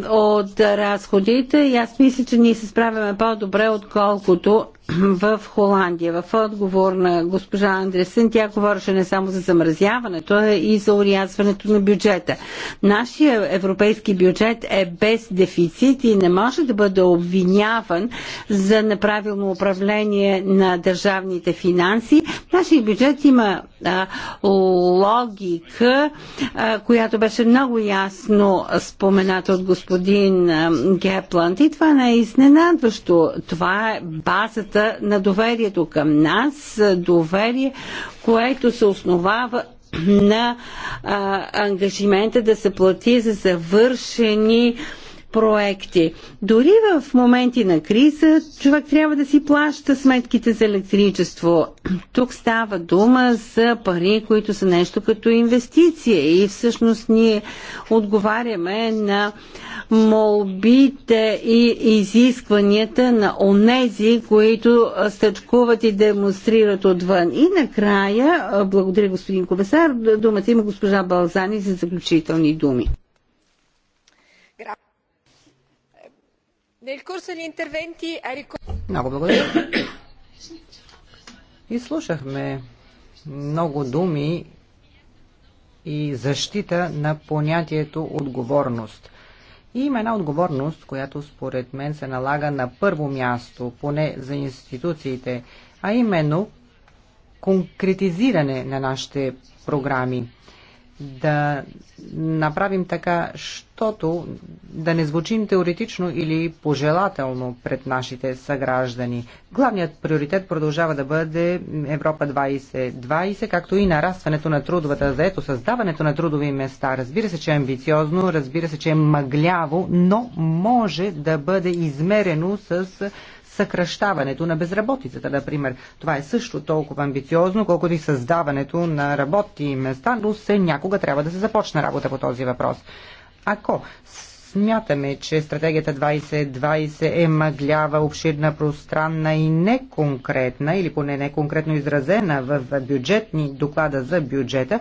от разходите и аз мисля, че ние се справяме по-добре, отколкото в Холандия. В отговор на госпожа Андресен, тя говореше не само за замразяването, а и за урязването на бюджета. Нашия европейски бюджет е без дефицит и не може да бъде обвиняван за неправилно управление на държавните финанси. Нашия бюджет има а, логика, а, която беше много ясно спомената от господин а, Гепланд. И това не е изненадващо. Това е базата кризата на доверието към нас, доверие, което се основава на а, ангажимента да се плати за завършени а, проекти. Дори в моменти на криза човек трябва да си плаща сметките за електричество. Тук става дума за пари, които са нещо като инвестиция и всъщност ние отговаряме на молбите и изискванията на онези, които стъчкуват и демонстрират отвън. И накрая, благодаря господин Кобесар, думата има госпожа Балзани за заключителни думи. Много благодаря. И слушахме много думи и защита на понятието отговорност. И има една отговорност, която според мен се налага на първо място, поне за институциите, а именно конкретизиране на нашите програми да направим така, щото да не звучим теоретично или пожелателно пред нашите съграждани. Главният приоритет продължава да бъде Европа 2020, както и нарастването на трудовата заето, създаването на трудови места. Разбира се, че е амбициозно, разбира се, че е мъгляво, но може да бъде измерено с съкръщаването на безработицата, например. Това е също толкова амбициозно, колкото и създаването на работни места, но се някога трябва да се започне работа по този въпрос. Ако смятаме, че стратегията 2020 е мъглява, обширна, пространна и неконкретна, или поне неконкретно изразена в бюджетни доклада за бюджета,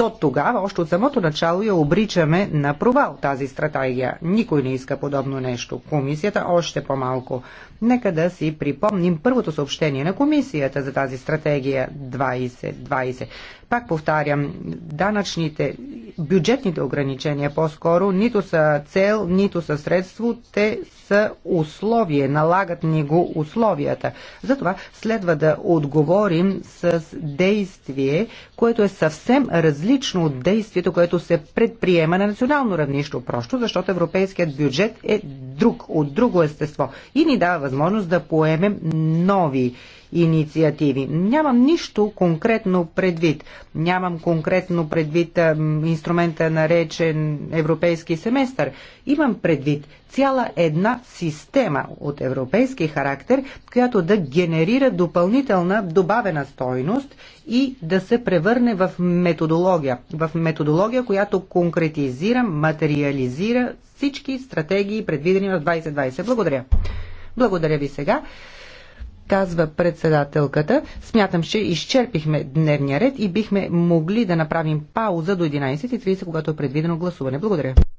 то тогава още от самото начало я обричаме на провал тази стратегия. Никой не иска подобно нещо. Комисията още по-малко. Нека да си припомним първото съобщение на комисията за тази стратегия 2020. Пак повтарям, данъчните, бюджетните ограничения по-скоро нито са цел, нито са средство, те са условие, налагат ни го условията. Затова следва да отговорим с действие, което е съвсем различно от действието, което се предприема на национално равнище, просто защото европейският бюджет е друг, от друго естество и ни дава възможност да поемем нови инициативи. Нямам нищо конкретно предвид. Нямам конкретно предвид инструмента наречен европейски семестър. Имам предвид цяла една система от европейски характер, която да генерира допълнителна добавена стойност и да се превърне в методология. В методология, която конкретизира, материализира всички стратегии, предвидени в 2020. Благодаря. Благодаря ви сега казва председателката. Смятам, че изчерпихме дневния ред и бихме могли да направим пауза до 11.30, когато е предвидено гласуване. Благодаря.